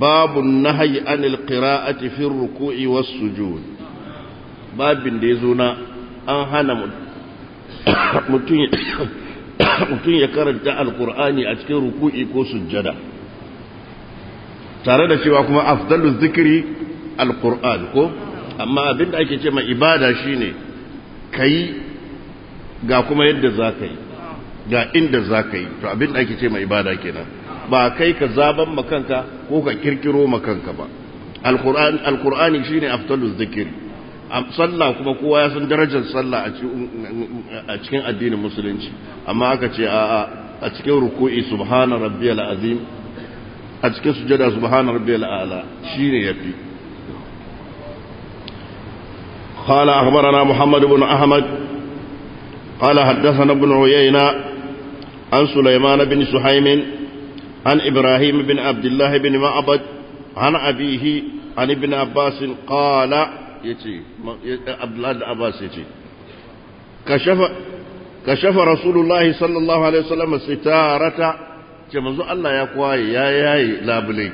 babu nahayi anil qira'ati fi ruku'i was sujud babin da yazo na an hana mutum ya karanta alqur'ani a cikin ruku'i ko sujjada tare da cewa kuma afdalu zikiri alqur'an ko amma abinda ake ce ma ibada shine kai ga kuma yadda za ka yi ga inda za ka yi to abinda ake ce ma ibada kenan ba kai ka zaban makanka ko ka kirkiro makanka ba alqur'ani alqur'ani shine afdaluz zikri sallah kuma kowa ya san darajar sallah a cikin addinin musulunci amma aka ce a a cikin ruku'i subhana rabbiyal azim a cikin sujada subhana rabbiyal a'la shine yafi قال أخبرنا محمد بن أحمد قال حدثنا ابن عيينة عن سليمان بن سحيم عن إبراهيم بن عبد الله بن معبد عن أبيه عن ابن عباس قال يتي عبد الله بن عباس يتي كشف كشف رسول الله صلى الله عليه وسلم ستارة كمزو الله يا كواي يا يا لابلي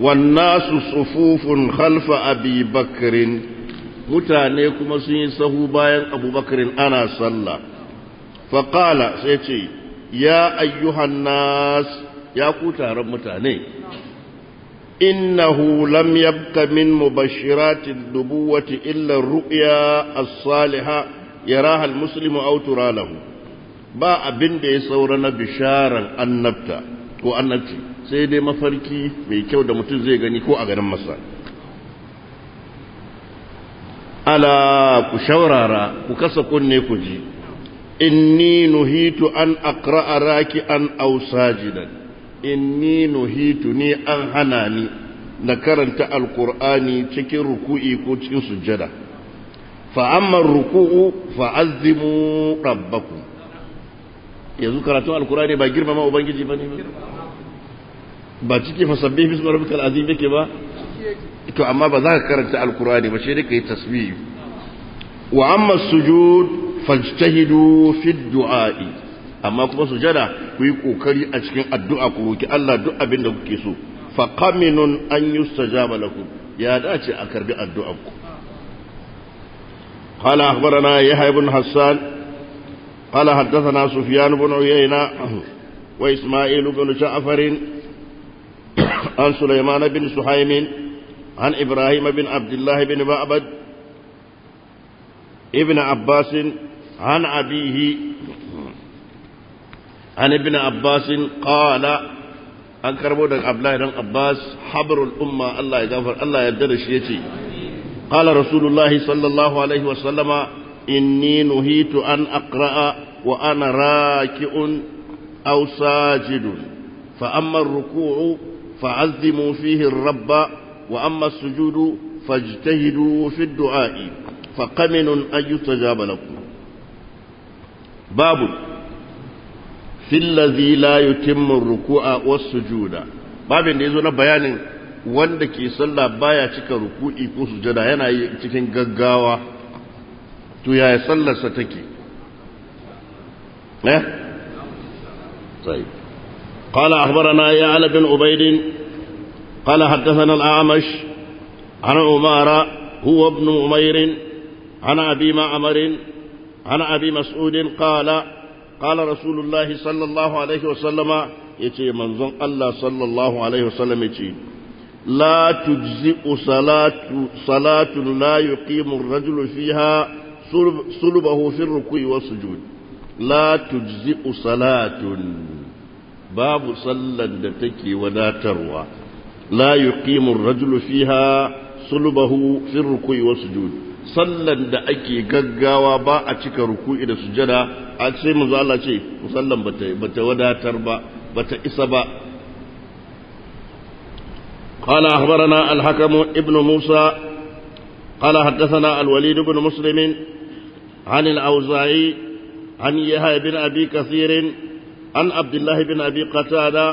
والناس صفوف خلف أبي بكر mutane kuma sun yi sahu bayan abubakarin ana sallah faƙala sai ce ya ayyuhan nas ya ku taron mutane innahu lam yabqa min mubashiratin dubuwati illa ru'ya as-saliha yaraha al-muslimu aw turalahu ba abin da ya saura na bisharan annabta ko annabci sai dai mafarki mai kyau da mutum zai gani ko a ganin masa ala ku shaurara ku kasa kunne ku ji inni nuhitu an aqra'a an aw sajidan inni nuhitu ni an hana ni na karanta alqur'ani cikin ruku'i ko cikin sujjada fa amma ruku'u fa fa'azzimu rabbakum yanzu karatu alqur'ani ba girmama ubangiji bane ba cikin fasabbih bismi rabbikal azim yake ba to amma ba za ka karanta alqur'ani ba sai dai kai tasbih wa amma sujud fajtahidu fi du'a amma kuma sujada ku yi kokari a cikin addu'a ku roki Allah duk abin da kuke so fa qaminun an yustajaba lakum ya dace a karbi addu'a ku qala akhbarana yahya ibn hassan qala haddathana sufyan ibn uyayna wa isma'il ibn ja'far an sulayman ibn suhaym an ibrahim ibn abdullah ibn ba'bad ابن عباس عن أبيه عن ابن عباس قال أن كربونا قبل عباس حبر الأمة الله يغفر الله يبدر الشيتي قال رسول الله صلى الله عليه وسلم إني نهيت أن أقرأ وأنا راكع أو ساجد فأما الركوع فعظموا فيه الرب وأما السجود فاجتهدوا في الدعاء فقمن أن يستجاب لكم باب في الذي لا يتم الركوع والسجود باب da يزونا بيان bayanin wanda ke sallah تك ركوع ruku'i ko sujada yana yi cikin gaggawa to ستكي نه طيب قال أخبرنا يا يعلى بن عبيد قال حدثنا الأعمش عن عمارة هو ابن عمير عن أبي معمر عن أبي مسعود قال قال رسول الله صلى الله عليه وسلم يتي منظم الله صلى الله عليه وسلم يتي لا تجزئ صلاة صلاة لا يقيم الرجل فيها صلبه في الركوع والسجود لا تجزئ صلاة باب صلى دتكي ولا تروى لا يقيم الرجل فيها صلبه في الركوع والسجود sallan da ake gaggawa ba a cika ruku'i da sujada a sai mu Allah ce sallan bata bata wadatar ba bata isa ba قال أخبرنا الحكم ابن موسى قال حدثنا الوليد بن مسلم عن الأوزاعي عن يحيى بن أبي كثير عن عبد الله بن أبي قتادة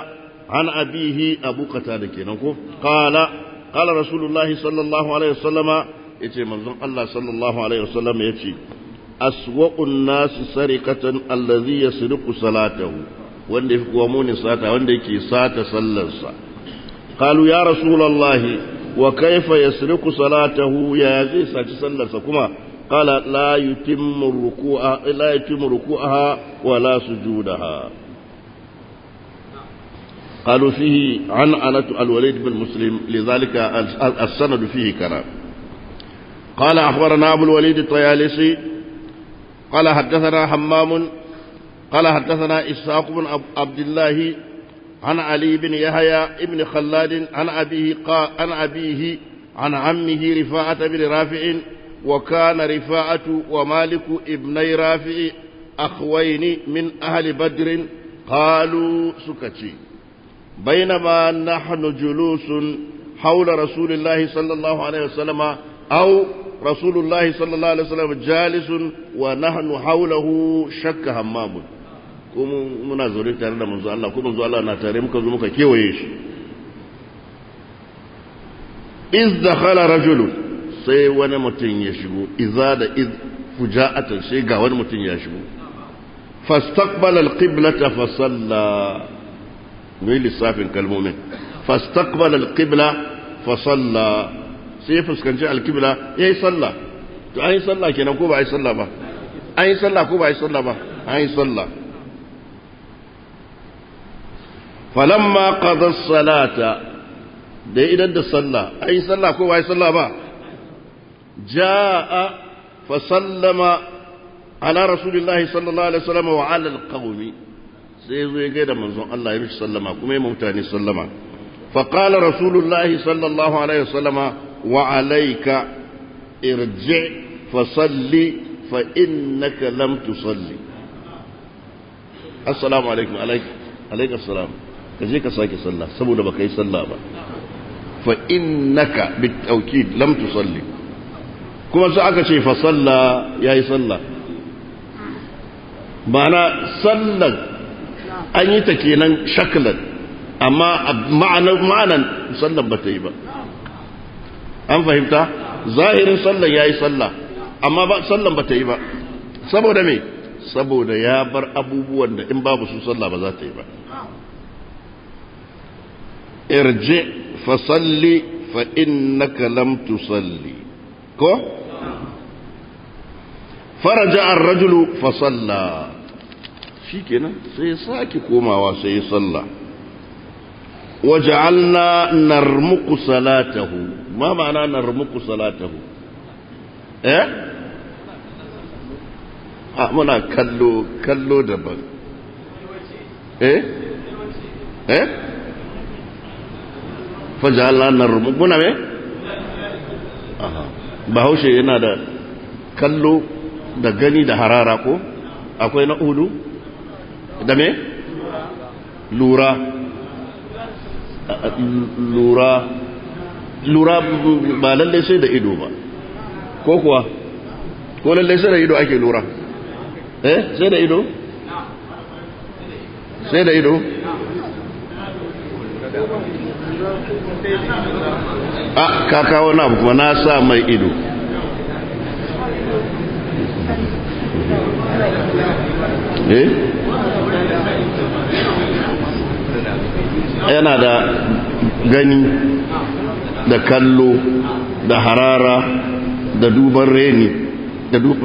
عن أبيه أبو قتادة قال قال رسول الله صلى الله عليه وسلم yace manzon Allah sallallahu alaihi wasallam yace aswaqun nas sarikatan allazi yasriqu salatahu wanda yafi kowa muni sata wanda yake sata sallarsa qalu ya rasulullahi wa kaifa yasriqu salatahu ya zai saci sallarsa kuma qala la yutimmu ruku'a la yutimmu ruku'aha wa la sujudaha قالوا فيه عن أنة الوليد بن مسلم لذلك السند فيه كلام قال أخبرنا أبو الوليد الطيالسي قال حدثنا حمام قال حدثنا إسحاق بن عبد الله عن علي بن يحيى بن خلاد عن أبيه قال عن أبيه عن عمه رفاعة بن رافع وكان رفاعة ومالك ابني رافع أخوين من أهل بدر قالوا سكتي بينما نحن جلوس حول رسول الله صلى الله عليه وسلم أو رسول الله صلى الله عليه وسلم جالس ونحن حوله شك همام كم منا زوري تare da manzo Allah kuma manzo Allah na tare muka zo muka kewaye shi iz dakhala rajulu sai wani mutum ya shigo iza da iz fuja'atan sai ga wani mutum ya shigo fastaqbala alqiblata fa salla mai lissafin kalmomin fastaqbala alqibla fa sai ya fuskanci alkibla ya yi sallah to an yi sallah kenan ko ba a yi sallah ba an yi sallah ko ba a yi sallah ba an yi sallah falamma qada salata da ya idan da sallah an yi sallah ko ba a yi sallah ba jaa fa sallama ala rasulillahi sallallahu alaihi wasallam wa ala alqawmi sai zo ya gaida manzon Allah ya mishi sallama kuma ya mutane sallama فقال رسول الله صلى الله عليه وسلم وعليك ارجع فصلي فإنك لم تصلي السلام عليكم عليك عليك السلام كذلك ساكي صلى سبونا بكي صلى با فإنك بالتوكيد لم تصلي كما سأك شيء فصلى يا صلى معنى صلى أن يتكينا شكلا أما معنى معنى صلى بتيبا an fahimta zahirin sallan yayi sallah amma ba sallan bata yi ba saboda me saboda ya bar abubuwan da in babu su sallah ba za ta yi ba Irje fa salli fa innaka lam tusalli ko faraja ar-rajulu fa salla shikenan sai saki komawa sai sallah waj'alna narmuqu salatahu ma ma'ana narmuku salatahu eh a muna kallo kallo daban eh eh faja'alna narmuku muna me aha bahaushe yana da kallo da gani da harara ko akwai na hudu da me lura lura lura ba lallai sai da ido ba ko kuwa ko lallai sai da ido ake lura eh sai da ido sai da ido a kakawa na kuma na sa mai ido eh yana da gani da kallo da harara da duban reni da duk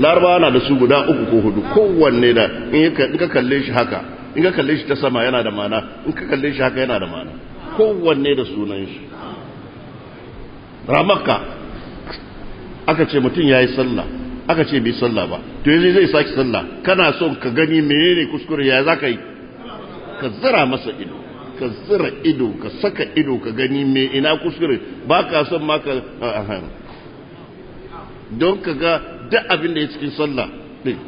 Laraba na da su guda uku ko hudu kowanne da in ka kalle shi haka in ka kalle shi ta sama yana da mana in ka kalle shi haka yana da mana kowanne da sunan shi ramaka aka ce mutum ya yi sallah aka ce bai sallah ba to yanzu zai sake sallah kana son ka gani menene kuskure ya za ka yi ka zira masa ido ka zira ido ka saka ido ka gani me ina kuskure ba ka son ma ka don ka ga duk abin da ya cikin sallah ɗin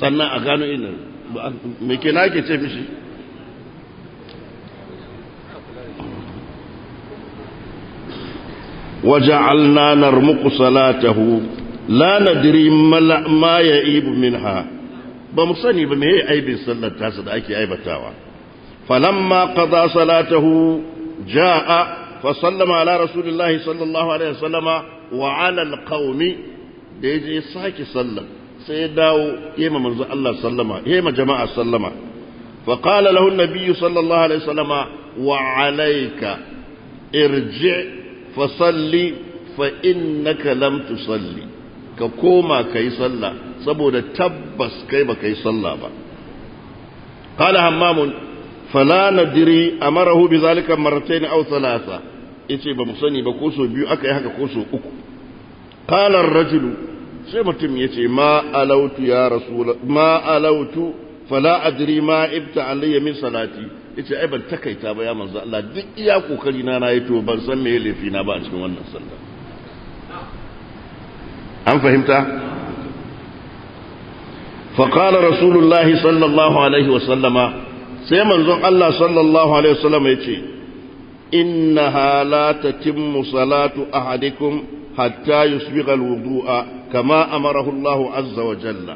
sannan a gano ina me ke na ke ce mishi وجعلنا نرمق صلاته لا ندري ما يئيب منها بمصني بمهي sallar صلى da ake aibatawa. فلما قضى صلاته جاء فسلم على رسول الله صلى الله عليه وسلم وعلى القوم da ya je ya sake sallam sai ya dawo yema manzo Allah sallama yema jama'a sallama fa qala lahu an-nabiy sallallahu alaihi wasallama wa alayka irji fa salli fa innaka lam tusalli ka koma kai sallah saboda tabbas kai ba yi sallah ba qala hammamun fala nadiri amarahu bi zalika marratayn aw thalatha yace ba mu sani ba ko so biyu aka yi haka ko so uku qala ar-rajulu sai mutum yace ma alautu ya rasul ma alautu fala adri ma ibta alayya min salati yace ai ban takaita ba ya manzo Allah duk iya kokari na nayi to ban san me laifi na ba a cikin wannan sallah an fahimta Fa رسول الله sallallahu alaihi wa sallama. sai manzon Allah sallallahu alaihi wasallam ya ce innaha halata timmu salatu ahadikum hatta yusbigha alwudu'a kama amarahu Allah azza wa jalla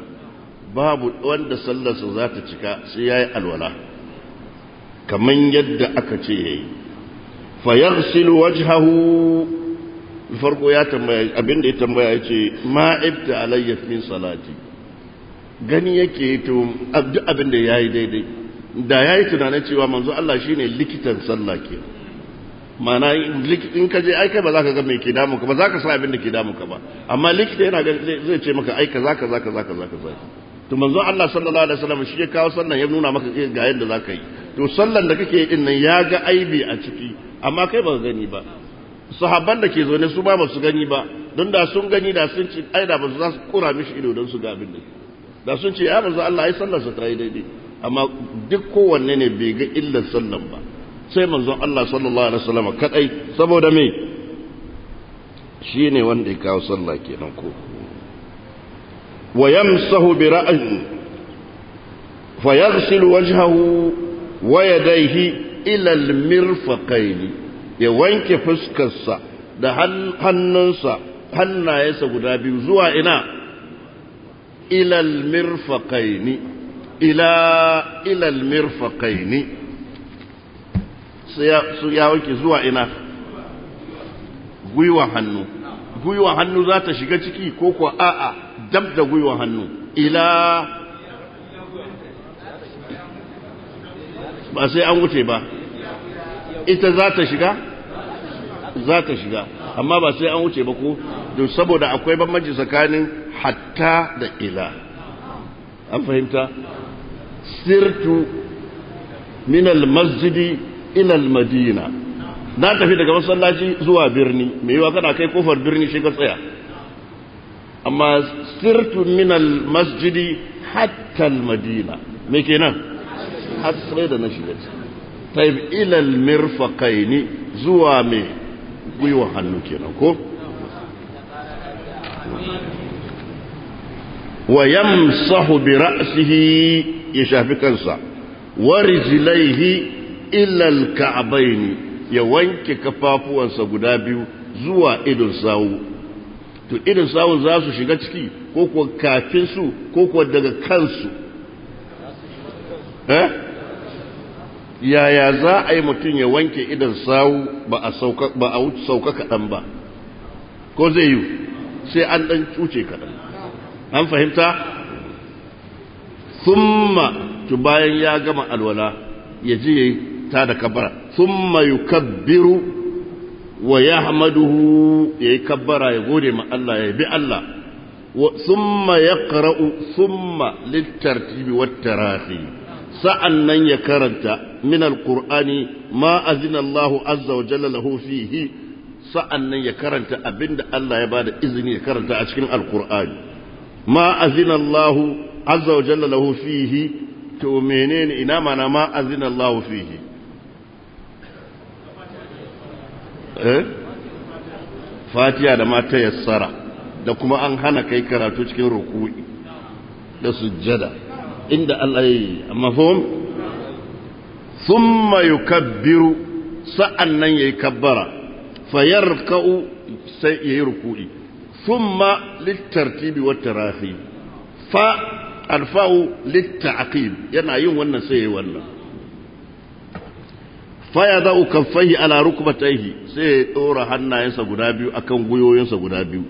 babu wanda sallarsa za ta cika sai yayi alwala kaman yadda aka ce yayi fayaghsilu wajhahu farko ya tambaya abinda ya tambaya yace ma ibta alayya min salati gani yake to abin da yayi daidai da ya yi tunanin cewa manzo Allah shi ne likitan sallah ke mana in ka je aika ba za ka ga ke damu ka ba za ka sa abin da ke damu ka ba amma likita yana zai ce maka aika za ka za ka za ka za ka za ka to manzo Allah sallallahu alaihi wasallam shi ya kawo sannan ya nuna maka ga yadda za ka yi to sallan da kake din nan ya ga aibi a ciki amma kai ba ka gani ba sahabban da ke zaune su ba ba su gani ba don da sun gani da sun ci ai da ba za su kura mishi ido don su ga abin da da sun ce ya manzo Allah ai sallar sa ta yi daidai amma duk kowanne ne bai ga illar sallan ba sai manzon Allah sallallahu alaihi wasallam kadai saboda me shine wanda ya kawo sallah kenan ko wa yamsahu bi ra'si fa yaghsilu wajhahu wa yadayhi ila al ya wanke fuskarsa da hannunsa hannayensa guda biyu zuwa ina ila al ila ilal المرفقين su ya wanke zuwa ina gwiwa hannu gwiwa hannu za ta shiga ciki ko kuwa a'a dab da gwiwa hannu ila ba sai an wuce ba ita za ta shiga za ta shiga amma ba sai an wuce ba ko don saboda akwai bambanci tsakanin hatta da ila an fahimta sirtu min almasjidi ila almadina na tafi daga masallaci zuwa birni me yiwa kana kai kofar birni shi ka tsaya amma sirtu min almasjidi hatta almadina me kenan har sai da na shiga taib ila almirfaqaini zuwa me gwiwa hannu kenan ko wa yamsahu bi ra'sihi ya shafi kansa wa rijlaihi illa al-ka'bayn ya wanke kafafuwansa guda biyu zuwa idon sawu to idon sawu za su shiga ciki ko kuwa kafin su ko kuwa daga kansu eh yaya za a yi mutum ya wanke idan sawu ba a sauka kaɗan ba ko zai yi sai an ɗan cuce kaɗan an fahimta thumma to bayan ya gama alwala ya ji ta da kabbara thumma yukabbiru wa yahmaduhu yayi kabbara ya gode ma Allah ya bi Allah ثم يقرأ ثم للترتيب والتراخي sa'annan ya karanta min alqur'ani ma azina Allahu azza wa jalla lahu fihi sa'annan ya karanta abinda Allah ya bada izini ya karanta a cikin alqur'ani ma azina Allahu azza wa jalla lahu fihi to menene ina mana ma azina Allahu fihi eh fatiha da ma tayassara da kuma an hana kai karatu cikin ruku'i da sujjada inda Allah yi Amma nan thumma yukabbiru sa'annan yayi kabbara fayarka'u sai yayi ruku'i thumma litartibi wat tarahi fa alfawu litta'qib yana yin wannan sai yayi wannan fa ya za'u ala rukbatayhi sai ya dora hannayensa guda biyu akan guyoyinsa guda biyu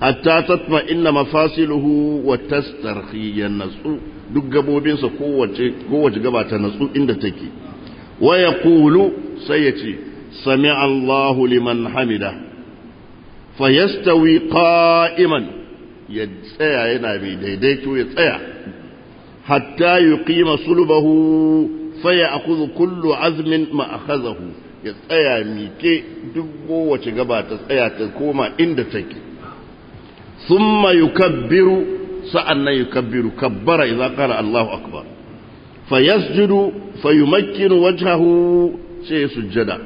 hatta tatma inna mafasiluhu wa tastarhi yanasu duk gabobinsa kowace kowace gaba ta natsu inda take wa yaqulu sai ya ce sami Allahu liman hamida fayastawi qa'iman ya tsaya yana mai daidaito ya tsaya hatta yuqima sulbahu fa kuzu kullu azmin ma akhadhahu ya tsaya mike duk kowace gaba ta tsaya ta koma inda take thumma yukabbiru sa'annan yukabbiru kabbara idza qala Allahu akbar fayasjudu fayumakkinu wajhahu sai sujjada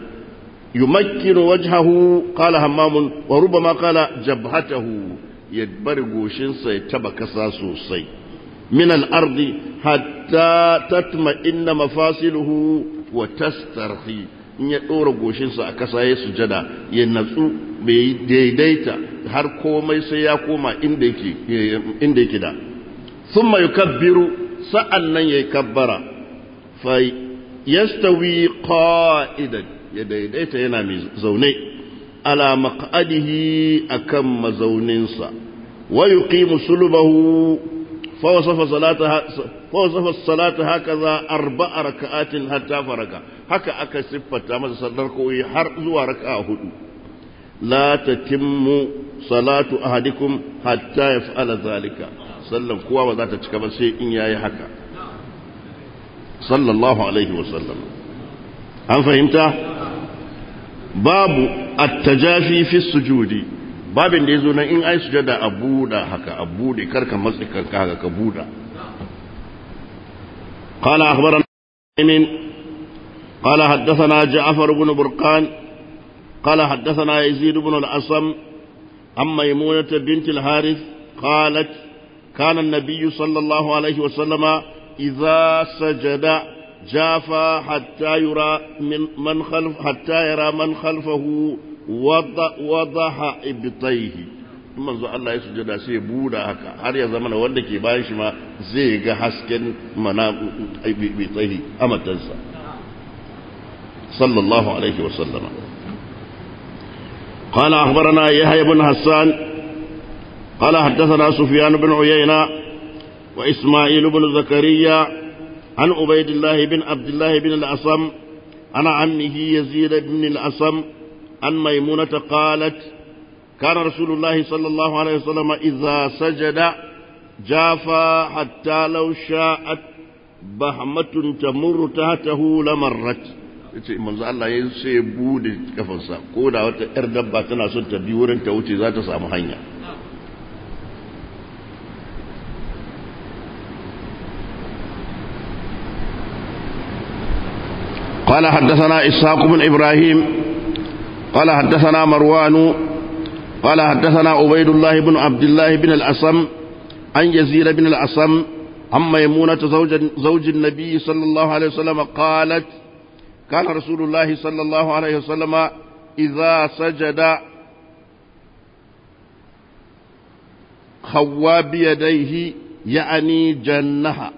yumakkinu wajhahu qala hammam wa rubama qala jabhatahu ya bari goshinsa ya taba kasa sosai min al-ardi hatta tatma inna mafasiluhu wa tastarhi in ya dora goshinsa a kasa ya sujada ya natsu bai daidaita har komai sai ya koma inda yake inda yake da thumma yukabbiru sa'annan yayi kabbara fa yastawi qa'idan ya daidaita yana mai zaune ala maq'adihi akan mazauninsa wa yuqimu sulubahu fa wasafa salataha fa wasafa salata hakaza arba'a raka'atin hatta faraka haka aka siffata masa sallar koyi har zuwa raka'a hudu la tatimmu salatu ahadikum hatta yaf'ala zalika sallan kowa ba za ta cika ba sai in yayi haka sallallahu alaihi wa wasallam an fahimta babu at-tajafi fi sujudi babin da yazo nan in ai sujada a buda haka a bude karka matsi kanka haka ka buda qala akhbarana min qala haddathana ja'far ibn burqan qala haddathana yazid ibn al-asam amma maymunah bint al-harith qalat kana an-nabiy sallallahu alayhi wa sallama idha sajada جافا حتى يرى من, من خلف حتى يرى من خلفه وضح, وضح ابطيه manzo Allah ya sujada sai buda haka har ya zama wanda ke bayan shi ma zai ga hasken mana bi tsahi amatansa sallallahu alaihi wa sallama قال أخبرنا يحيى بن حسان قال حدثنا سفيان بن عيينة وإسماعيل بن Zakariya. عن عبيد الله بن عبد الله بن الأصم عن عمه يزيد بن الأصم عن ميمونة قالت كان رسول الله صلى الله عليه وسلم إذا سجد جافا حتى لو شاءت بهمة تمر تحته لمرت yace manzo Allah ya sai bude kafansa ko da wata yar dabba tana son ta bi wurin ta wuce za ta samu hanya قال حدثنا إسحاق بن إبراهيم قال حدثنا مروان قال حدثنا عبيد الله بن عبد الله بن الأصم عن يزيد بن الأصم عن ميمونة زوج, زوج النبي صلى الله عليه وسلم قالت كان رسول الله صلى الله عليه وسلم إذا سجد خوى بيديه يعني جنها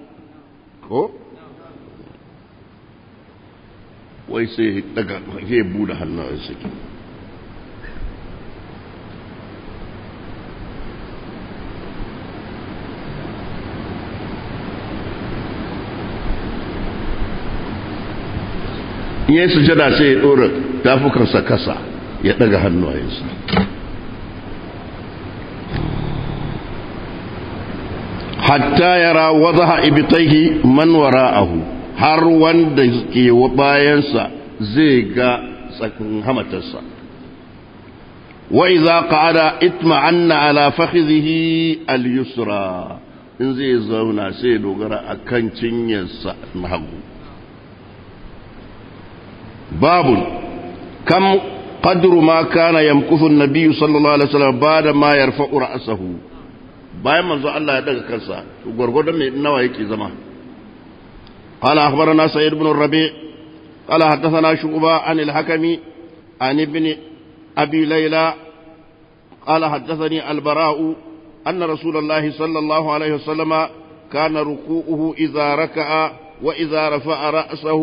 wai sai daga sai buɗe hannayen saki in yi sujada sai ya ɗora tafukansa kasa ya ɗaga hannu hannuwayensa hatta yara wazaha manwara man hu. har wanda ke bayansa zai ga tsakin hamatarsa wa iza qa'ada itma'anna ala fakhidhihi al-yusra in zai zauna sai dogara akan cinyarsa na hagu babun kam qadru ma kana yamkuthu an-nabiy sallallahu alaihi wasallam bada ma yarfa'u ra'sahu bayan manzo Allah ya daga kansa gurgurdan me nawa yake zama قال أخبرنا سعيد بن الربيع قال حدثنا شعبة عن الحكم عن ابن أبي ليلى قال حدثني البراء أن رسول الله صلى الله عليه وسلم كان ركوعه إذا ركع وإذا رفع رأسه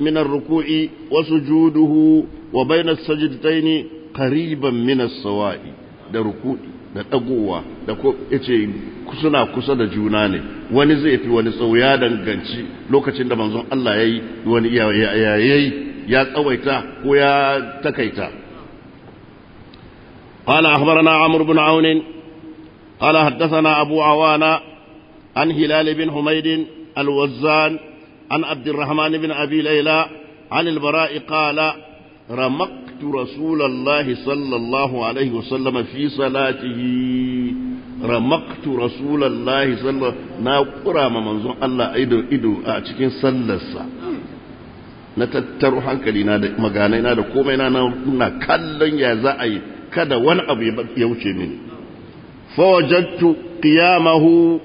من الركوع وسجوده وبين السجدتين قريبا من السواء ده ركوعي da ɗagowa da ko yace suna kusa da juna ne wani zai fi wani tsawo ya danganci lokacin da manzon Allah ya yi wani yayi ya tsawaita ko ya takaita qala akhbarana amr ibn aun qala haddathana abu awana an hilal ibn humayd al-wazzan an abdurrahman الرحمن بن ابي an عن البراء قال شهدت رسول الله na kura ma manzon Allah ido ido a cikin sallarsa na tattaro hankali na da maganai na da komai na kallon ya za a yi kada wani abu ya wuce mini fawajattu qiyamahu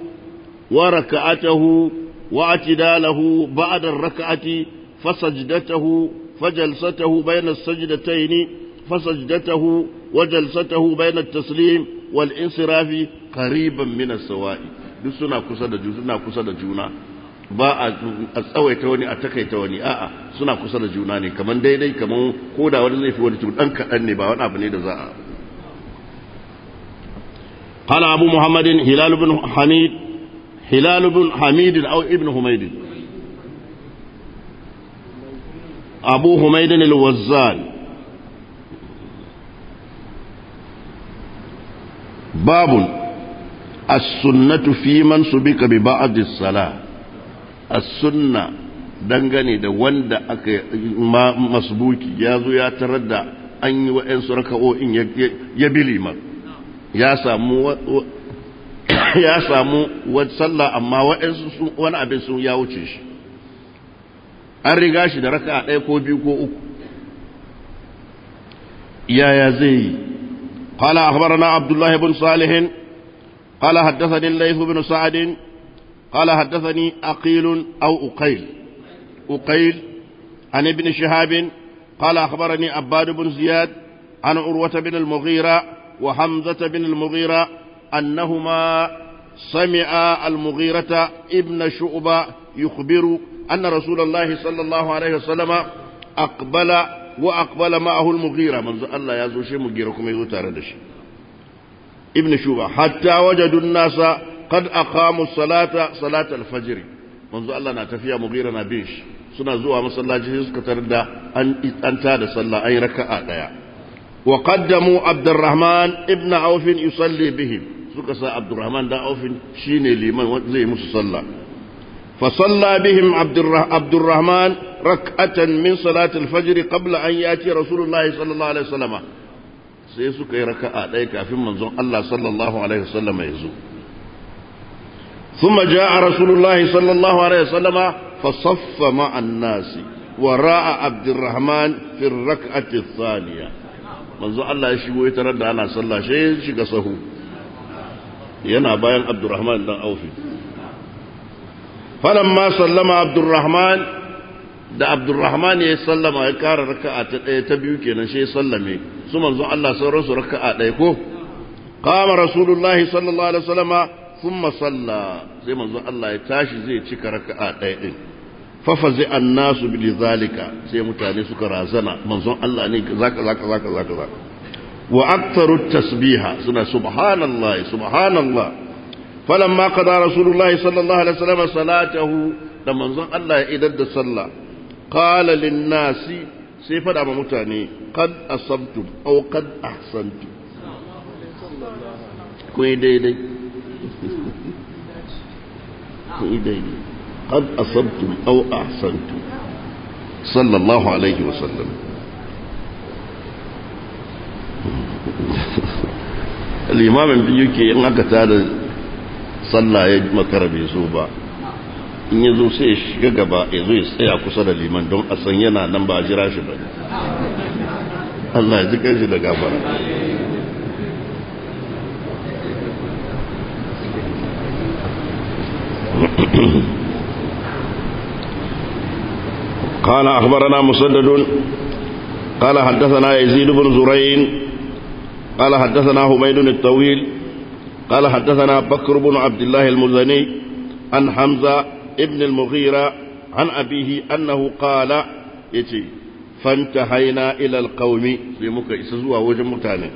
waraka'atahu, raka'atahu wa atidalahu ba'da raka'ati fasajdatahu فجلسته بين السجدتين فسجدته وجلسته بين التسليم والانصراف قريبا من السواء duk suna kusa da juna suna kusa da juna ba a tsawaita wani a takaita wani a'a suna kusa da juna ne kaman daidai kaman ko da wani zai fi wani dan kaɗan ne ba wani abu ne da za a قال أبو محمد هلال بن حميد هلال بن حميد أو ابن حميد abu humaydin al-wazzal babun as-sunnatu fi man subika bi ba'd as-salah as-sunna dangane da wanda aka masbuki ya zo ya tarar da an yi wa'ansu raka'o'in ya bilima ya samu ya samu wani sallah amma su wani abin sun ya wuce shi an riga shi da raka ɗaya ko biyu ko uku yaya zai yi قال أخبرنا عبد الله بن صالح قال حدثني الليث بن سعد قال حدثني أقيل أو أقيل أقيل عن ابن شهاب قال أخبرني عباد بن زياد عن عروة بن المغيرة وحمزة بن المغيرة أنهما سمع المغيرة ابن شعبة يخبر أن رسول الله صلى الله عليه وسلم أقبل وأقبل معه المغيرة من الله يزو شيء مغيركم يزو تاردش ابن شوبة حتى وجدوا الناس قد أقاموا الصلاة صلاة الفجر من الله نتفيا مغيرة نبيش سنة زوها مسلاجه سكتر دا أن أنتاد صلى أي ركعة ديا وقدموا عبد الرحمن ابن عوف يصلي بهم سكسا عبد الرحمن دا عوف شيني لمن زي مسو صلى فصلى بهم عبد الرحمن ركعة من صلاة الفجر قبل أن يأتي رسول الله صلى الله عليه وسلم sai suka yi raka'a ɗaya kafin manzon Allah sallallahu alaihi wasallam ya zo thumma jaa rasulullah sallallahu alaihi wasallama fa saffa ma'a an-nasi wara'a abdurrahman fi ar-rak'ati Allah ya shigo ya tarar da ana sallah ya shiga sahu yana bayan abdurrahman dan aufi falamma sallama abdurrahman da abdurrahman ya sallama ya kara raka'a ta ɗaya ta biyu kenan shi ya sallame su manzon Allah sauran su raka'a ɗaya ko qama rasulullahi sallallahu alaihi wasallama sun masalla sai manzon Allah ya tashi zai cika raka'a ɗaya ɗin. din fafazi annasu bi zalika sai mutane suka razana manzon Allah ne zaka zaka zaka zaka wa aktaru tasbiha suna subhanallah subhanallah فلما قضى رسول الله صلى الله عليه وسلم صلاته لما انزل الله إذا صلى قال للناس سيفا دعم متاني قد أصبتم أو قد أحسنتم كوي قد أصبتم أو أحسنتم صلى الله عليه وسلم الإمام الذي يكي أنك تعالى sallah ya makara bai zo ba in ya zo sai ya shiga gaba ya zo ya tsaya kusa da liman don a san yana nan ba a jira shi ba Allah ya ji kanshi da gafara قال أخبرنا مسدد قال حدثنا يزيد بن زرين قال حدثنا حميد الطويل قال حدثنا بكر بن عبد الله المزني عن حمزة ابن المغيرة عن أبيه أنه قال يتي فانتهينا إلى القوم في مكة إسزوا وجه متاني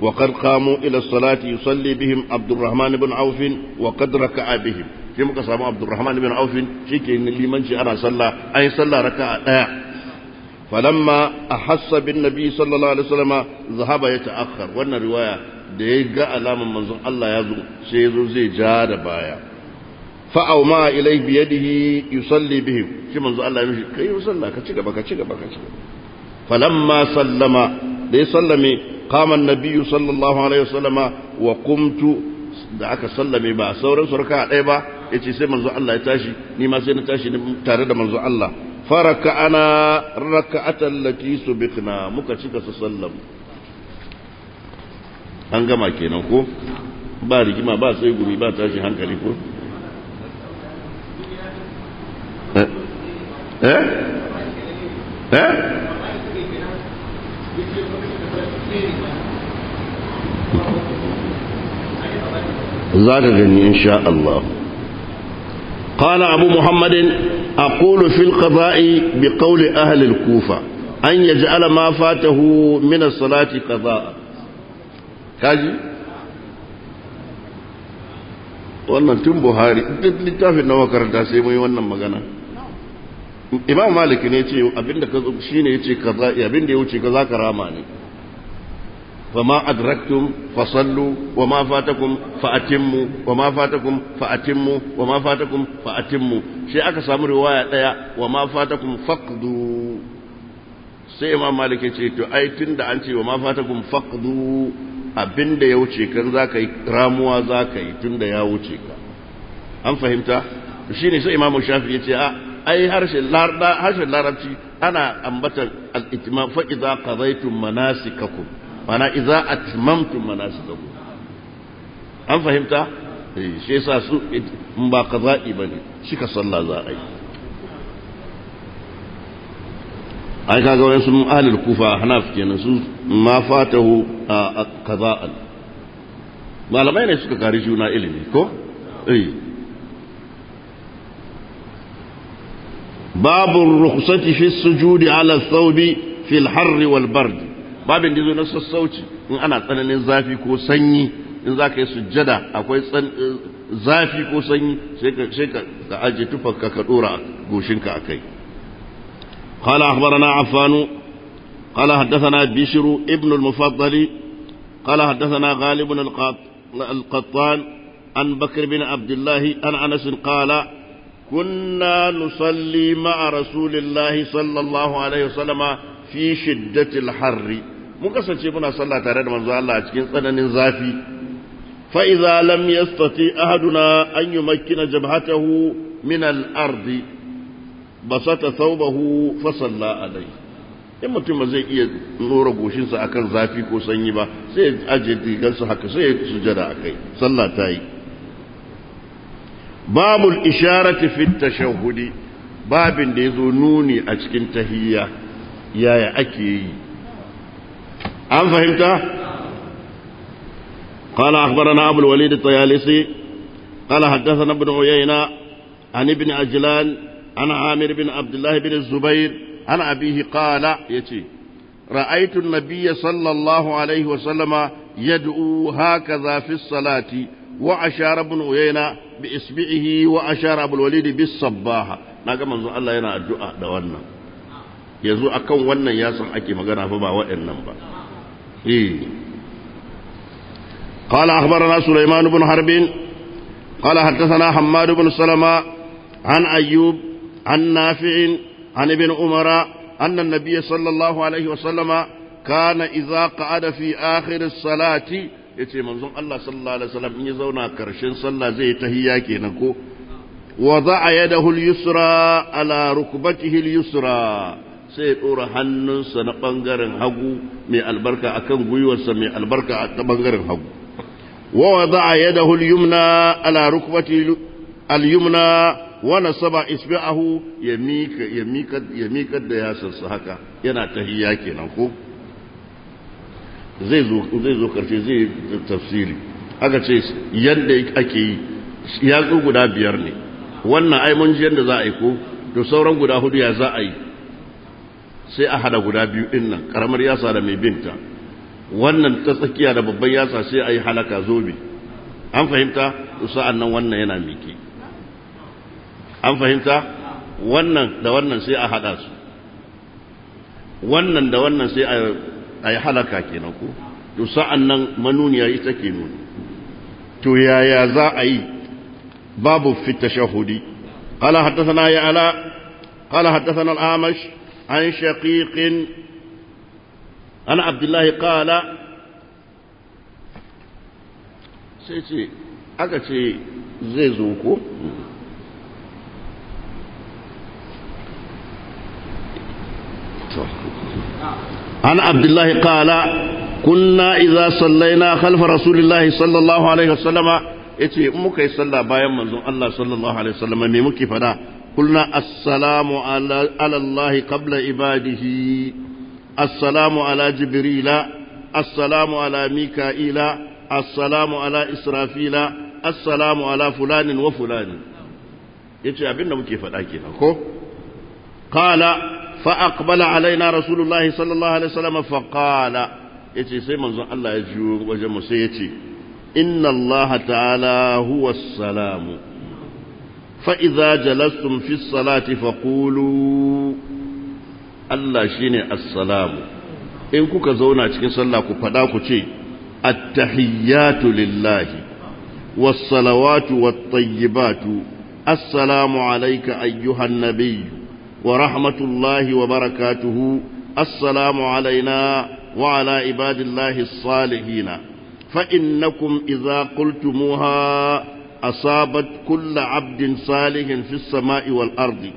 وقد قاموا إلى الصلاة يصلي بهم عبد الرحمن بن عوف وقد ركع بهم في مكة سامو عبد الرحمن بن عوف شيكي إن لي منشي أنا صلى أي صلى ركع آه. فلما أحس بالنبي صلى الله عليه وسلم ذهب يتأخر وأن رواية da ya ga alaman manzon Allah ya zo sai ya zo zai ja da baya fa'au ma ilai biyadihi yusalli bihim shi manzon Allah ya mishi kai yi sallah ka ci gaba ka ci gaba ka ci gaba falamma sallama da ya sallame qama annabiyyu sallallahu alaihi wasallama wa qumtu da aka sallame ba sauran surka ɗaya ba yace sai manzon Allah ya tashi ni ma sai na tashi tare da manzon Allah faraka ana raka'atan lati subikna muka cika su sallama an gama kenan ko ba rigima ba sai guri ba tashi hankali ko eh eh eh za ka gani insha قال أبو محمد أقول في القضاء بقول أهل الكوفة أن يجعل ما فاته من الصلاة قضاء kaji wannan tun buhari duk littafin na makaranta sai mai wannan magana imam malik ne ce abinda ka shi ne ya ce kaza abinda ya wuce ka rama ne فما أدركتم فصلوا wa ma فأتموا وما فاتكم فأتموا وما فاتكم فأتموا شيء أكا سامو رواية wa ma فاتكم فقدوا sai imam malik ya ce to ai tunda an ce wa ma fatakum faqdu abin da ya wuce kan za ka yi ramuwa za ka yi tun da ya wuce ka an fahimta shi ne sai imamu shafi ya ce a ah, ai harshen larabci ana ambatar al'itimam fa'iza ƙazaitun manasikakum mana iza atmamtum manasikakum an fahimta eh, shi yasa su ba ba bane shi ka sallah za a yi ai kaga wani sun ahlul kufa hanaf kenan su ma fatahu kaza'an malamai ne suka kari juna ilimi ko eh babu rukhsati fi sujudi ala thawbi fi al-harr bard babin dizo na sassauci in ana tsananin zafi ko sanyi in za ka yi sujjada akwai eh, zafi ko sanyi sai ka ajiye tufarka ka dora goshinka a kai قال أخبرنا عفان قال حدثنا بشر ابن المفضل قال حدثنا غالب القطان عن بكر بن عبد الله عن أنس قال كنا نصلي مع رسول الله صلى الله عليه وسلم في شدة الحر مكسن شبنا صلى تارد من الله أتكين صنن زافي فإذا لم يستطيع أحدنا أن يمكن جبهته من الأرض basata ta fasalla salla alayhi in mutum zai iya nora goshinsa kan zafi ko sanyi ba sai ya ajiye digansa haka sai ya sujada kai. sallah ta yi babul isharati fi tashahhudi babin da ya zo nuni a cikin tahiyya yaya ake yi an fahimta قال أخبرنا أبو الوليد الطيالسي قال حدثنا ابن عيينة عن ابن أجلان عن عامر بن عبد الله بن الزبير عن أبيه قال يتي رأيت النبي صلى الله عليه وسلم يدعو هكذا في الصلاة وأشار ابن أيينة بإصبعه وأشار أبو الوليد بالصباحة ناقا منذ الله ينا الدعاء دوانا يزو أكون ونا ياسم أكي مغانا فبا وإن نمبا إيه. قال أخبرنا سليمان بن حرب قال حدثنا حماد بن سلمة عن أيوب عن نافع عن ابن عمر أن النبي صلى الله عليه وسلم كان إذا قعد في آخر الصلاة yace manzon Allah sallallahu in ya zauna karshen sallah zai tahiyya kenan ko wada'a yadahu al-yusra ala yusra sai ɗora hannunsa na ɓangaren hagu mai albarka akan gwiwarsa mai albarka a bangaren hagu wa wada'a yadahu al-yumna ala rukbatihi alyumna yumna wa nasaba isbi'ahu ya mika ya da yasarsa haka yana tahiyya kenan ko zai zo zai zai tafsiri aka ce yadda ake yi guda biyar ne wannan ai mun ji yadda za a yi ko to sauran guda hudu ya za a yi sai a hada guda biyu din nan karamar yasa da mai binta wannan ta tsakiya da babban yasa sai a yi halaka zobe an fahimta sa'an nan wannan yana miki an fahimta wannan da wannan sai a haɗa su wannan da wannan sai a yi halaka kenan ko to sa'an nan manuniya yi ke nuni to yaya za a yi babu fi tashahudi قال حدثنا يا علاء قال حدثنا الأعمش عن شقيق عن عبد الله قال سيتي أكتي زيزوكو Ana عبد الله kunna كنا إذا صلينا خلف رسول الله صلى الله عليه وسلم yace in muka yi sallah bayan manzon Allah sallallahu alaihi wasallam me muke faɗa? kulna assalamu ala Allah qabla ibadihi ala jibrila assalamu ala mika'ila assalamu ala israfila assalamu ala fulanin wa fulanin yace abinda muke faɗa kenan ko qala فأقبل علينا رسول الله صلى الله عليه وسلم فقال يتي سي منزون الله يجيو وجه مسيتي إن الله تعالى هو السلام فإذا جلستم في الصلاة فقولوا الله شيني السلام إن كوكا زونا تشكي صلى كفداكو تشي التحيات لله والصلوات والطيبات السلام عليك أيها النبي ورحمة الله وبركاته السلام علينا وعلى عباد الله الصالحين فإنكم إذا قلتموها أصابت كل عبد صالح في السماء والأرض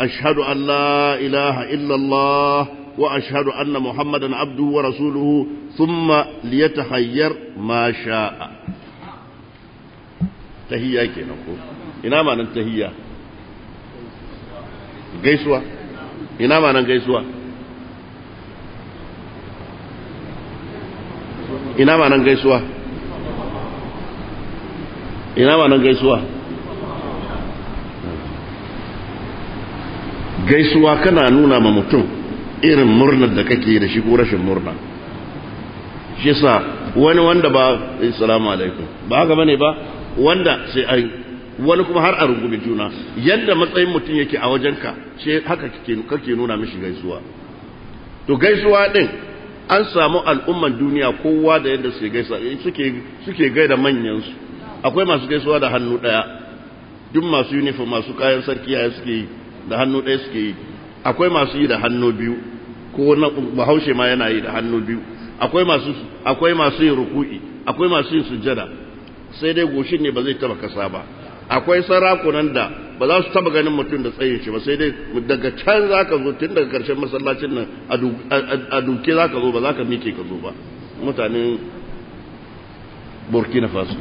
أشهد أن لا إله إلا الله وأشهد أن محمدا عبده ورسوله ثم ليتخير ما شاء تهيئة كنا إنما ننتهيئ gaisuwa ina ma nan gaisuwa ina ma nan gaisuwa ina ma nan gaisuwa gaisuwa kana nuna ma mutum irin murnar da kake da shi ko rashin murna shi sa wani wanda ba assalamu alaikum ba haka bane ba wanda sai ai wani kuma har a rungumi juna yadda matsayin mutum yake a wajenka ce haka kake nuna mishi gaisuwa to gaisuwa din an samu al'umman duniya kowa da yadda suke gaisa suke suke gaida manyansu akwai masu gaisuwa da hannu daya duk masu uniform masu kayan sarki ya suke yi da hannu daya suke yi akwai masu yi da hannu biyu ko na bahaushe ma yana yi da hannu biyu akwai masu akwai masu yin ruku'i akwai masu yin sujjada sai dai goshin ne ba zai taba kasa ba akwai sarakunan da ba za su taba ganin mutum da tsayin shi ba sai dai daga can za ka zo tun daga karshen masallacin nan a duke za ka zo ba za ka mike ka zo ba mutanen burkina faso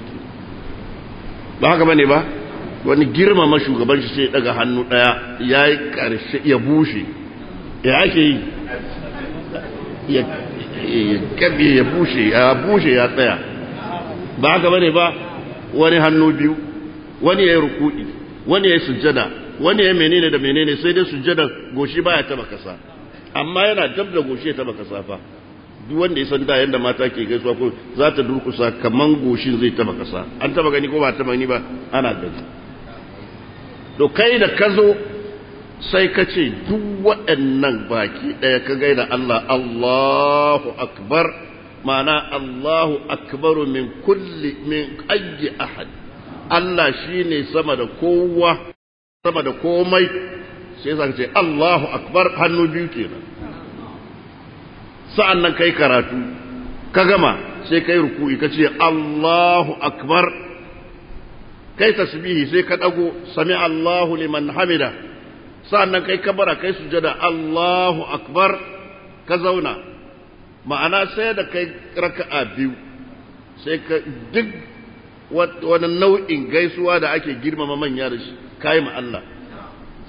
ba haka bane ba wani girmama shugaban shi sai daga hannu daya ya yi karshe ya bushe ya ake yi ya bushe ya bushe ya tsaya ba haka bane ba wani hannu biyu wani yayi rukudi, wani yayi sujjada wani ya yi menene da menene sai dai sujjada goshi baya taba kasa amma yana dab da goshi ya taba kasa fa duk wanda ya san da yanda mata ke gaisuwa ko za ta durkusa kaman goshin zai taba kasa an taba gani ko ba taba gani ba ana gani to kai da kazo sai ka ce duk waɗannan baki ɗaya ka gaida Allah Allahu akbar ma'ana Allahu akbaru min kulli min ayyi ahad Allah shi ne sama da kowa sama da komai sai zan ce Allahu akbar hannu biyu kenan sa'an nan kai karatu ka gama sai kai ruku'i ka ce Allahu akbar kai tasbihi sai ka ɗago sami Allahu liman hamida sa'an nan kai kabara kai sujada Allahu akbar ka zauna ma'ana sai da kai raka'a biyu sai ka duk wani nau'in gaisuwa da ake girmama manya da shi kayi ma Allah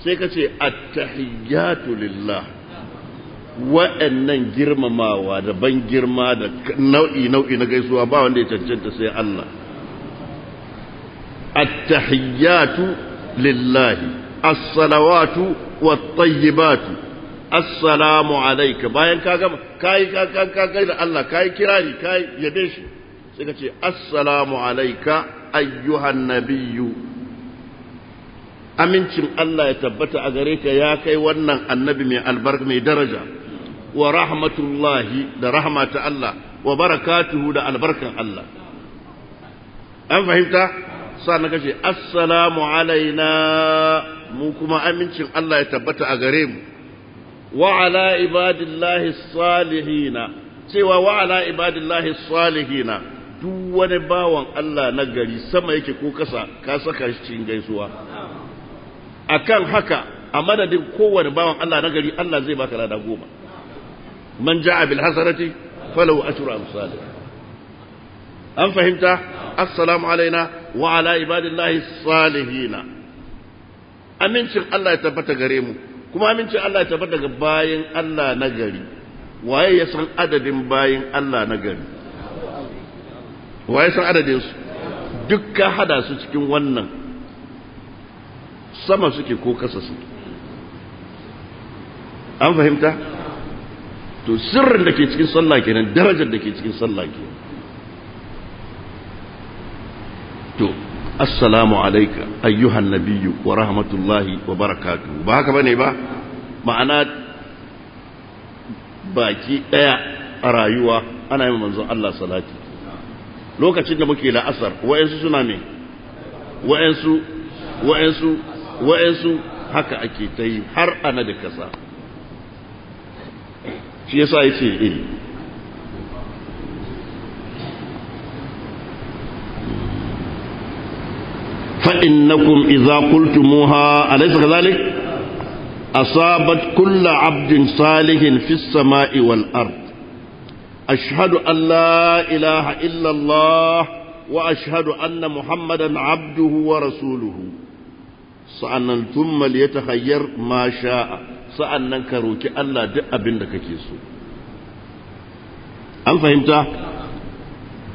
sai ka ce attahiyatu lillah wa'annan girmamawa da ban girma da nau'i nau'i na gaisuwa ba wanda ya cancanta sai Allah attahiyatu lillahi as-salawatu wat-tayyibatu assalamu alayka bayan ka gama kai ka kai da Allah kai kirari kai yabe shi suka ce assalamu alaika ayyuhan nabiyyu amincin Allah ya tabbata a gare ka ya kai wannan annabi mai albarka mai daraja wa rahmatullahi da rahmata Allah wa barakatuhu da albarkan Allah an fahimta sannan kace assalamu alaina mu kuma amincin Allah ya tabbata a gare mu wa ala ibadillahi salihina cewa wa ala ibadillahi salihina duk wani bawan Allah na gari sama yake ko kasa ka saka shi cikin gaisuwa akan haka a madadin kowane bawan Allah na gari Allah zai baka lada goma man ja'a bil hasarati falahu ashru amsalih an fahimta assalamu alaina wa ala ibadillahi salihina amincin Allah ya tabbata gare mu kuma amincin Allah ya tabbata ga bayin Allah na gari waye ya san adadin bayin Allah na gari waye san adadin su duk hada su cikin wannan sama suke ko kasa suke an fahimta to sirrin da ke cikin sallah kenan darajar da ke cikin sallah kenan to assalamu alayka ayyuhan nabiyyu wa rahmatullahi wa barakatuhu ba haka bane ba ma'ana baki daya a rayuwa ana yin manzon Allah salati lokacin da muke la'asar wa'yansu suna ne wa'yansu wa'yansu wa'yansu haka ake ta yi har ana da kasa shi yasa ya ce eh fa'in na kun iza kultumuha a laisa ka zalik asabat kulla abdin salihin fi sama'i wal ard أشهد أن لا إله إلا الله وأشهد أن محمدا عبده ورسوله سأن ثم ليتخير ما شاء سأن سأنن كروك ألا دئ بندك كيسو هل فهمت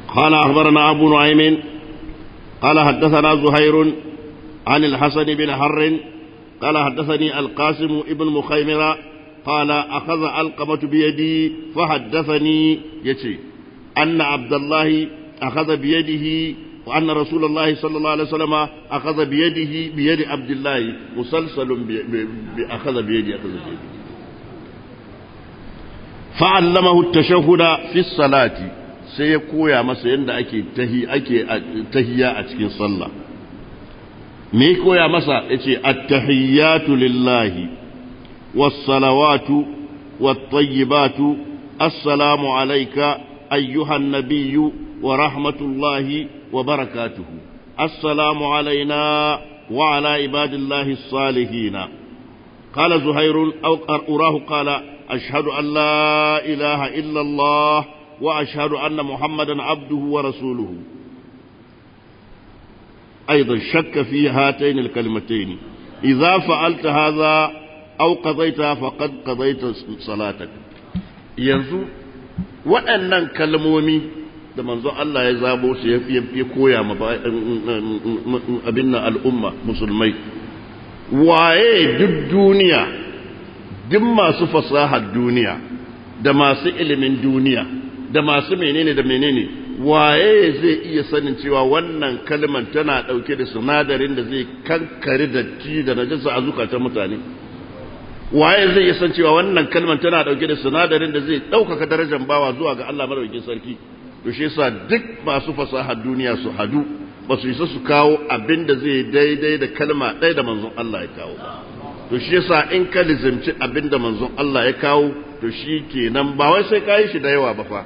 قال أخبرنا أبو نعيم قال حدثنا زهير عن الحسن بن حر قال حدثني القاسم ابن مخيمره قال أخذ علقمة بيدي فحدثني يتي أن عبد الله أخذ بيده وأن رسول الله صلى الله عليه وسلم أخذ بيده بيد عبد الله مسلسل أخذ بيدي أخذ بيدي فعلمه التشهد في الصلاة سيكويا مسيند أكي تهي أكي تهيا أتكين صلى ميكويا مسا أتحيات لله والصلوات والطيبات السلام عليك أيها النبي ورحمة الله وبركاته السلام علينا وعلى عباد الله الصالحين قال زهير أو أراه قال أشهد أن لا إله إلا الله وأشهد أن محمدا عبده ورسوله أيضا شك في هاتين الكلمتين إذا فعلت هذا au qadaita faqad qadaita salatak yanzu waɗannan kalmomi da manzo Allah ya zabo su ya koya ma abin nan al'umma musulmai waye duk duniya duk masu fasahar duniya da masu ilimin duniya da masu menene da menene waye zai iya sanin cewa wannan kalmar tana ɗauke da sinadarin da zai kankare datti da najasa a zukatan mutane waye zai yi san cewa wannan kalmar tana dauke da sinadarin da zai ɗaukaka darajar bawa zuwa ga Allah madaukin sarki to shi yasa duk masu fasahar duniya su hadu ba su isa su kawo abin da zai daidai da kalma ɗaya da manzon Allah ya kawo ba to shi yasa in ka lizimci abin da manzon Allah ya kawo to shi kenan ba wai sai ka yi shi da yawa ba fa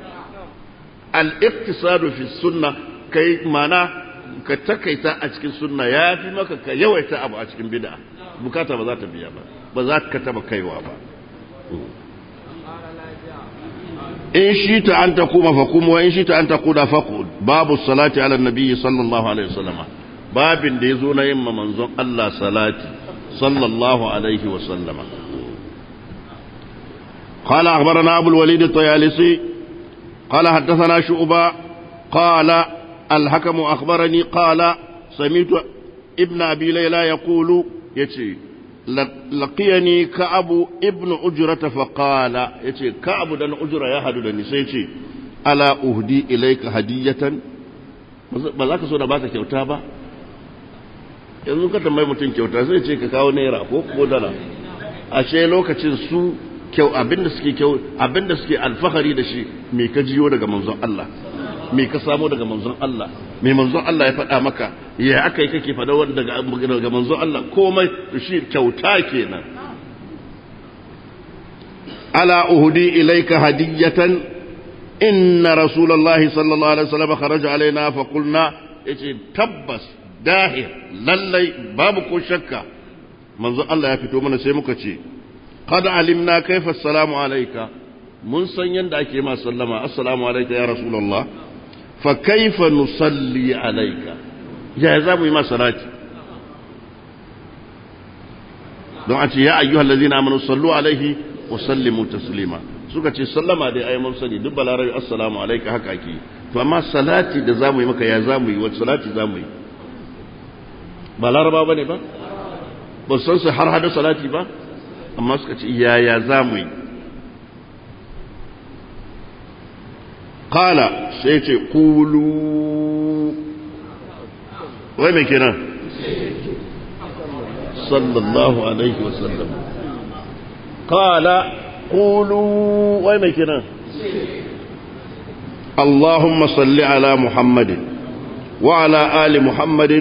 al-iqtisadu fi sunna kai mana ka takaita a cikin sunna yafi maka ka yawaita abu a cikin bid'a bukata ba za ta biya ba ba za ka taba kaiwa ba in shi ta an ta kuma fa kuma in shi ta an ta kuda fa babu salati ala nabiyyi sallallahu alaihi wasallama babin da yazo na yin manzon Allah salati sallallahu alaihi wasallama قال أخبرنا أبو الوليد الطيالسي قال حدثنا شعبة قال الحكم أخبرني قال سمعت ابن أبي ليلى يقول yace laqiyani ka'abu ibn ujrata fa qala yace da dan ujra ya hadu da ni sai yace ala uhdi ilaika hadiyatan ba za ka so na baka kyauta ba yanzu ka tambayi mutum kyauta zai ce ka kawo naira ko ko dala ashe lokacin su kyau abinda suke kyau abinda suke alfahari da shi me ka jiyo daga manzon Allah me ka samo daga manzon Allah me manzon Allah ya faɗa maka ya aka yi kake faɗa wanda daga manzon Allah komai shi kyauta kenan ala uhudi Ilaika, hadiyatan inna rasulullahi sallallahu alaihi wasallam kharaja alaina fa qulna yace tabbas dahir lallai babu ko shakka manzon Allah ya fito mana sai muka ce qad alimna kaifa assalamu alayka mun san yadda ake ma sallama assalamu alayka ya rasulullah fa kaifa nusalli alaika ya za mu yi masa salati don a ce ya ayyuha allazina amanu sallu alaihi wa sallimu taslima suka ce sallama dai ayi sani, duk balarabi assalamu alayka haka ake to amma salati da za mu yi maka ya za mu yi wa salati za mu yi ba laraba bane ba ba san su har hada salati ba amma suka ce ya za mu yi qala sai ce qulu wai me kenan sallallahu alaihi wasallam qala qulu wai me kenan اللهم صل على محمد وعلى آل محمد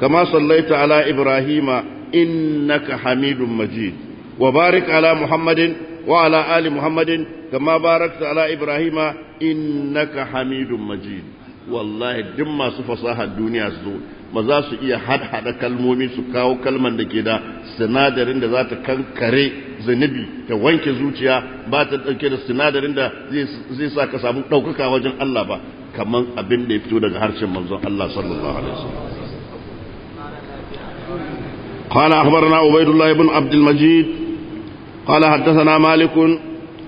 كما صليت على إبراهيم إنك حميد مجيد وبارك على محمد وعلى آل محمد كما باركت على إبراهيم إنك حميد مجيد والله دم ما سفصاها الدنيا الزول ما زاس إيا حد حد كالمومي سكاو كلمة دكيدا سنادر إن ذات كان كري زنبي كوانك زوتيا بات كده سنادر إن زي ساكا سابو توكا وجن الله با كمان أبن دي فتو دك هرش منظر الله صلى الله عليه وسلم قال أخبرنا عبيد الله بن عبد المجيد قال حدثنا مالك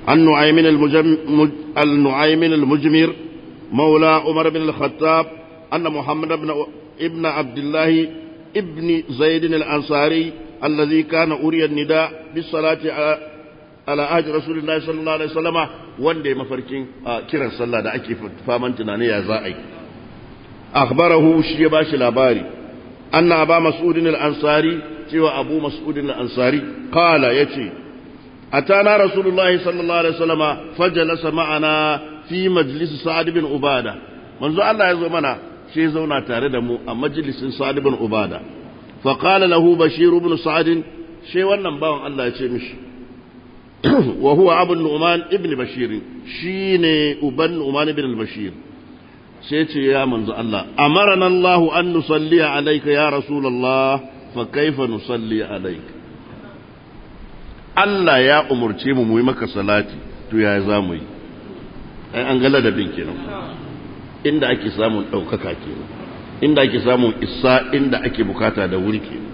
عن نعيم المجم... النعيم المجمر مولى عمر بن الخطاب أن محمد بن ابن عبد الله ابن زيد الأنصاري الذي كان أري النداء بالصلاة على على ahdi rasulullahi sallallahu alaihi wasallama wanda ya mafarkin kiran sallah da ake faman tunani ya za a shi ya bashi labari anna ba mas'udin al-ansari cewa abu mas'udin al-ansari qala yace أتانا رسول الله صلى الله عليه وسلم فجلس معنا في مجلس سعد بن عبادة منذ الله يزمنا شيء زونا تاردمو مجلس سعد بن عبادة فقال له بشير بن سعد شيء ونن باون الله يتمشي وهو أبو النعمان ابن بشير شيني أبن نعمان بن البشير سيتي يا منذ الله أمرنا الله أن نصلي عليك يا رسول الله فكيف نصلي عليك Allah ya umurce mu mu yi maka salati to yaya za mu yi ai an ga ladabin kenan inda ake samun ɗaukaka kenan inda ake samun isa inda ake bukata da wuri kenan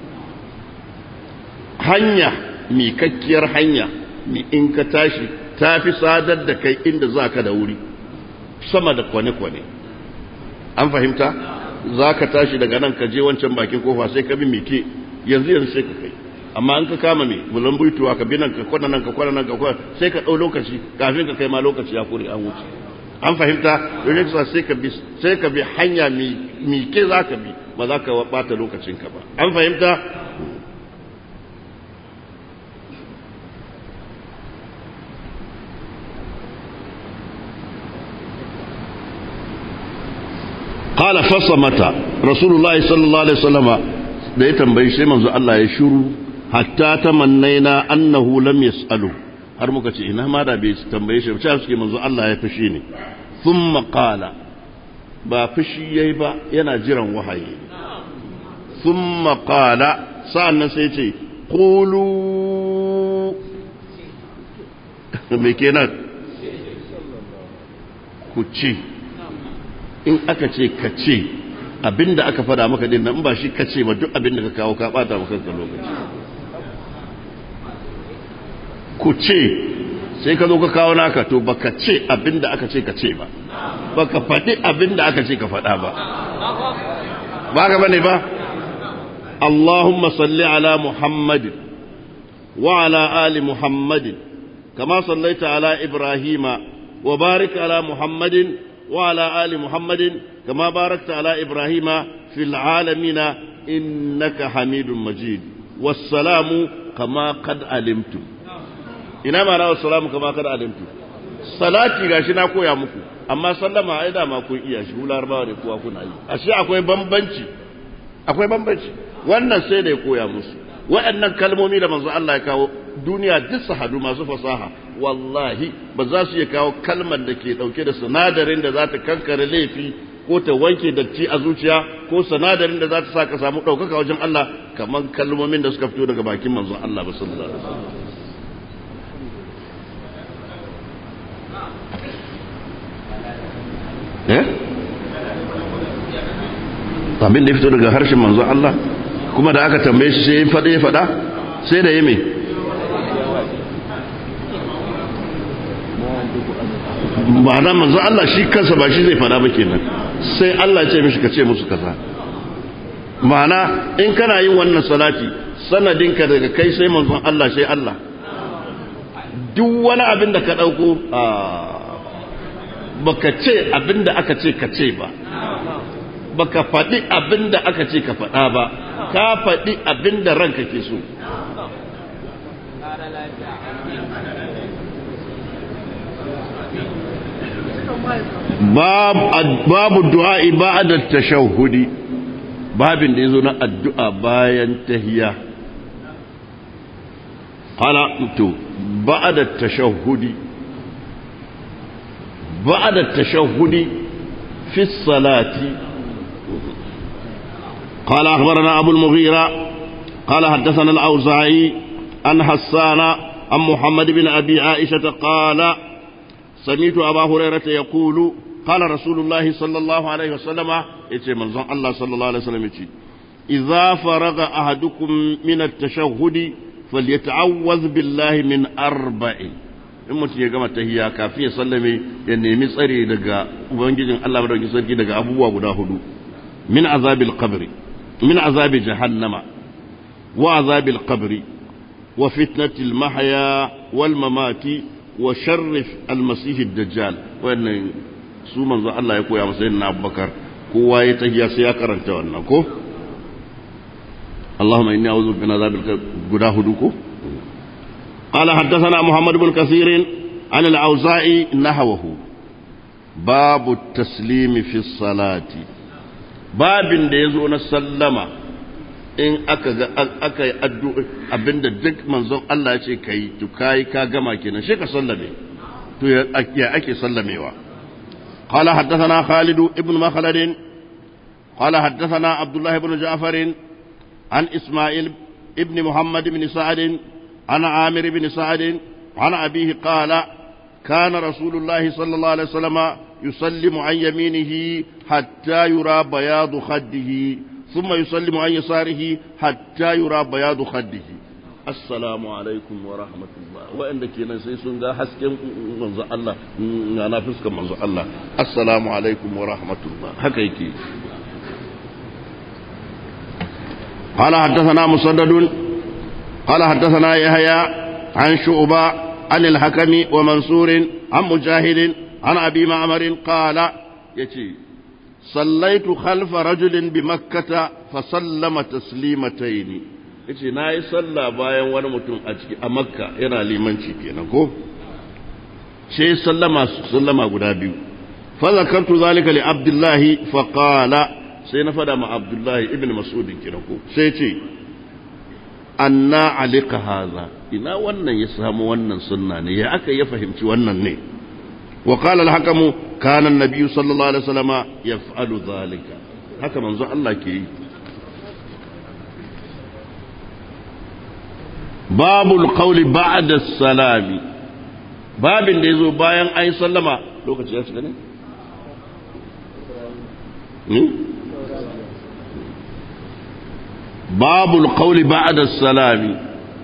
hanya mikakkiyar hanya ni in ka tashi ta fi sadar da kai inda za ka da wuri sama da kwane-kwane an fahimta za ka tashi daga nan ka je wancan bakin kofa sai ka bi mike yanzu yanzu sai ka kai amma an ka kama me bulan buituwa ka binan ka kwana nan ka kwana nan ka kwana sai ka ɗau lokaci kafin ka kai ma lokaci ya kore an wuce an fahimta don yadda sai ka bi sai ka bi hanya mi ke za ka bi ba za ka bata lokacinka ba an fahimta قال فصمت رسول الله صلى الله عليه وسلم da ya tambayi sai manzo Allah ya shiru hatta mannaina annahu lam yasalu har muka ce ina ma da bai tambaye shi ba suke manzo Allah ya fishi ne thumma qala ba fushi yayi ba yana jiran wahayi thumma qala sa'annan sai ce qulu me kenan ku ce in aka ce ka ce abinda aka fada maka din nan ba shi ka ce ba duk abinda ka kawo ka bata maka lokaci ku ce sai ka zo ka kawo naka to baka ce abin da aka ce ka ce ba baka faɗi abin da aka ce ka faɗa ba ba ka bane ba Allahumma salli ala Muhammadin wa ala ali Muhammadin kama sallaita ala Ibrahima wa barik ala Muhammadin wa ala ali Muhammadin kama barakta ala Ibrahima fil alamin innaka Hamidum Majid wassalamu kama kad alimtu. ina ma na salamu kama kada alimtu salati gashi na koya muku amma sallama ai da ma kun iya shi hular ba da kowa kuna yi ashe akwai bambanci akwai bambanci wannan sai da ya koya musu wa'annan kalmomi da manzo Allah ya kawo duniya duk sahadu masu fasaha wallahi ba za su iya kawo kalmar da ke ɗauke da sinadarin da za ta kankare laifi ko ta wanke datti a zuciya ko sinadarin da za ta sa ka samu ɗaukaka wajen Allah kamar kalmomin da suka fito daga bakin manzo Allah ba sallallahu alaihi wasallam Eh? abin da ya fito daga harshen manzon Allah kuma da aka tambaye shi sai ya faɗe ya faɗa sai da ya mai ba na manzon Allah shi kansa ba shi zai faɗa ba kenan sai Allah ce mishi ka ce musu kaza ma'ana in kana yin wannan salati sanadinka daga kai sai manzon Allah sai Allah duk wani abin da ka ɗauko a ah, baka ce abinda aka ce ka ce ba baka faɗi abinda aka ce ka faɗa ba ka faɗi abinda ranka ke so babu du'a ba'da tashahudi babin da yazo na addu'a bayan tahiya qala to ba'da tashahudi بعد التشهد في الصلاة قال أخبرنا أبو المغيرة قال حدثنا الأوزاعي أن حسان عن محمد بن أبي عائشة قال سمعت أبا هريرة يقول قال رسول الله صلى الله عليه وسلم يتي الله صلى الله عليه وسلم إذا فرغ أحدكم من التشهد فليتعوذ بالله من أربعين in mutum ya gama tahiyya kafin ya sallame ya nemi tsare daga ubangijin Allah madaukakin sarki daga abubuwa guda hudu min azabil qabri min azabi jahannama wa azabil qabri wa fitnatil mahya wal mamati wa sharrif al masih dajjal wannan su manzo Allah ya koya masa na Abubakar kowa ya tahiyya sai ya karanta wannan ko Allahumma inni a'udhu bika min azabil guda hudu ko قال حدثنا محمد بن كثير عن الأوزائي نحوه باب التسليم في الصلاة باب ديزون السلمة in aka ga aka yi abinda duk manzon Allah ya ce kai to kai ka gama kenan shi ka sallame to ya ake sallamewa qala haddathana Khalid ibn Makhlad qala haddathana Abdullah ibn an Isma'il ibn Muhammad ibn Sa'ad عن عامر بن سعد عن أبيه قال كان رسول الله صلى الله عليه وسلم يسلم عن يمينه حتى يرى بياض خده ثم يسلم عن يساره حتى يرى بياض خده السلام عليكم ورحمة الله وإن كنا سيسون ذا حسكم منزع الله أنا فسكم منزع الله السلام عليكم ورحمة الله هكيكي قال حدثنا مسدد قال حدثنا يحيى عن شعبة عن الحكم ومنصور عن مجاهد عن أبي bi قال يتي صليت خلف رجل بمكة فسلم تسليمتين yace na yi sallah bayan wani mutum a ciki a makka yana limanci kenan ko sai sallama sallama guda biyu fazakartu zalika li abdullahi faqala sai na fada ma abdullahi ibn mas'ud kenan ko anna alika haza ina wannan ya samu wannan sunna ne ya aka ya fahimci wannan ne wa qala al-hakamu kana an nabi sallallahu alaihi wasallam yaf'alu dhalika haka manzo Allah ke yi babul qawli ba'da salami babin da yazo bayan ayi sallama lokaci ya shiga ne hmm? babul qawli ba'da salami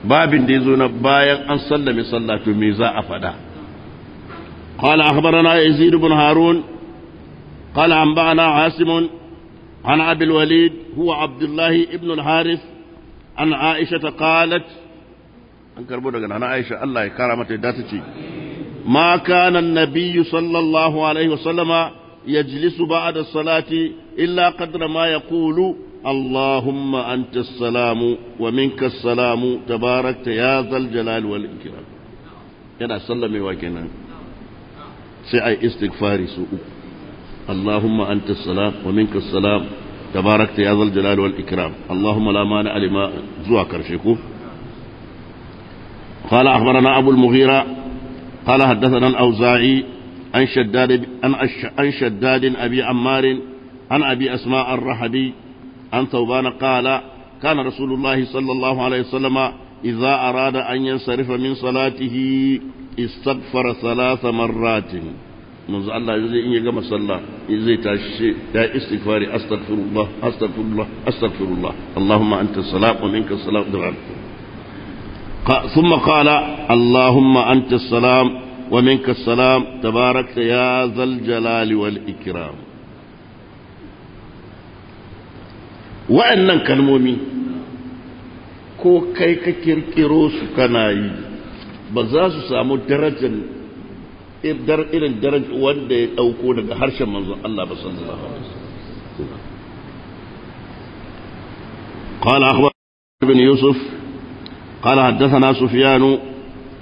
babin da yazo na bayan an sallame sallatu me za a fada قال أخبرنا يزيد بن هارون قال أنبأنا عاصم عن أبي الوليد هو عبد الله ابن الحارث عن عائشة قالت an karbo daga nana Aisha Allah ya kara mata yadda ta ce ma kana annabiyyu sallallahu alaihi wasallama yajlisu ba'da salati illa qadra ma kulu. اللهم أنت السلام ومنك السلام تبارك يا ذا الجلال والإكرام yana sallamewa kenan sai ai istighfari su uku Allahumma anta salam wa minka salam tabarakta ya zal jalal wal ikram Allahumma la alima zuwa karshe ko qala akhbarana abu al mughira qala hadathana al auza'i an shaddad an abi ammar an abi asma ar عن ثوبان قال كان رسول الله صلى الله عليه وسلم إذا أراد أن ينصرف من صلاته استغفر ثلاث مرات منذ الله يزي إن يقام صلى يزي تاشي يا استغفاري أستغفر الله أستغفر الله أستغفر الله اللهم أنت الصلاة ومنك الصلاة دعاء ثم قال اللهم أنت السلام ومنك السلام تبارك يا ذا الجلال والإكرام wa'annan kalmomi ko kai ka kirkiro su kana yi ba za su samu darajar irin darajar wanda ya dauko daga harshen manzon Allah ba san qala akhbar ibn yusuf qala hadathana sufyan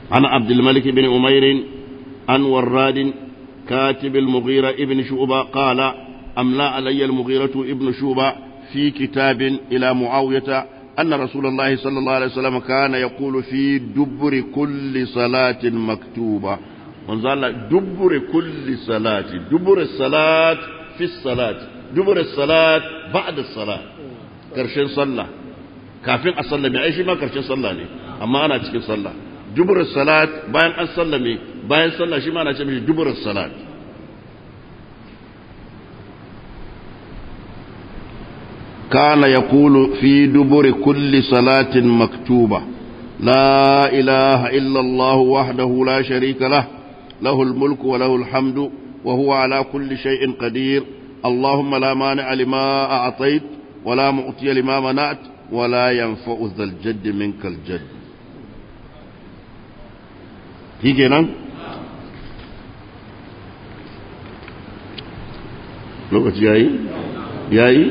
عن عبد الملك بن أمير عن وراد كاتب المغيرة ابن شعبة قال أملا علي المغيرة ابن شعبة في كتاب إلى معاوية أن رسول الله صلى الله عليه وسلم كان يقول في دبر كل صلاة مكتوبة وانزال دبر كل صلاة دبر الصلاة في الصلاة دبر الصلاة بعد الصلاة كرشين صلى كافين أصلى معيشي ما كرشين صلى لي أما أنا تشكي صلى دبر الصلاة باين أصلى باين صلى شي ما أنا دبر الصلاة كان يقول في دبر كل صلاة مكتوبة لا إله إلا الله وحده لا شريك له له الملك وله الحمد وهو على كل شيء قدير اللهم لا مانع لما أعطيت ولا معطي لما منعت ولا ينفع ذا الجد منك الجد هيجي نعم لو جاي جاي